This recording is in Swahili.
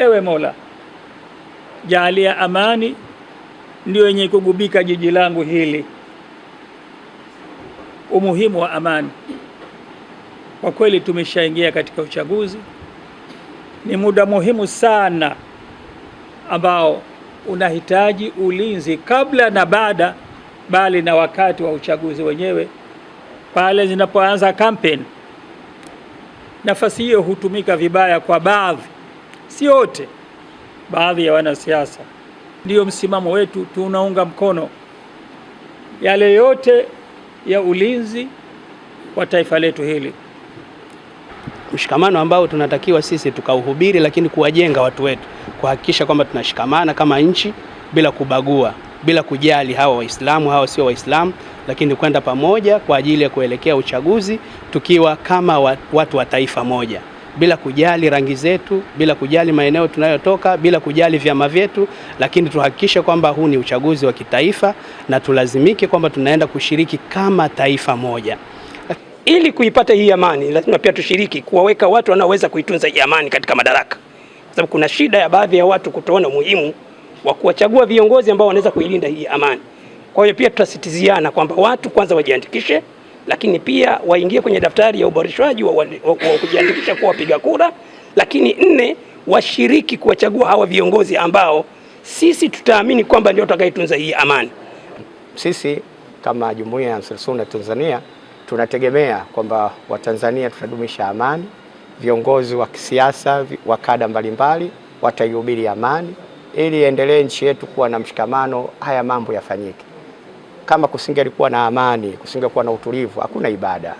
Ewe Mola, jaalia amani ndio yenye kugubika jiji langu hili. Umuhimu wa amani kwa kweli, tumeshaingia katika uchaguzi. Ni muda muhimu sana ambao unahitaji ulinzi kabla na baada, bali na wakati wa uchaguzi wenyewe pale zinapoanza kampeni. Nafasi hiyo hutumika vibaya kwa baadhi sisi wote, baadhi ya wanasiasa. Ndiyo msimamo wetu, tunaunga mkono yale yote ya ulinzi wa taifa letu hili, mshikamano ambao tunatakiwa sisi tukauhubiri, lakini kuwajenga watu wetu, kuhakikisha kwamba tunashikamana kama nchi bila kubagua, bila kujali hawa Waislamu, hawa sio Waislamu, lakini kwenda pamoja kwa ajili ya kuelekea uchaguzi tukiwa kama watu wa taifa moja bila kujali rangi zetu, bila kujali maeneo tunayotoka, bila kujali vyama vyetu, lakini tuhakikishe kwamba huu ni uchaguzi wa kitaifa na tulazimike kwamba tunaenda kushiriki kama taifa moja. Ili kuipata hii amani, lazima pia tushiriki kuwaweka watu wanaoweza kuitunza hii amani katika madaraka, kwa sababu kuna shida ya baadhi ya watu kutoona umuhimu wa kuwachagua viongozi ambao wanaweza kuilinda hii amani. Kwa hiyo pia tutasitiziana kwamba watu kwanza wajiandikishe lakini pia waingie kwenye daftari ya uboreshwaji wa, wa, wa kujiandikisha kuwa wapiga kura, lakini nne, washiriki kuwachagua hawa viongozi ambao sisi tutaamini kwamba ndio tutakayetunza hii amani. Sisi kama Jumuiya ya Ansar Sunna Tanzania tunategemea kwamba Watanzania tutadumisha amani, viongozi wa kisiasa wa kada mbalimbali wataihubiri amani ili endelee nchi yetu kuwa na mshikamano, haya mambo yafanyike kama kusingelikuwa na amani, kusingelikuwa na utulivu, hakuna ibada.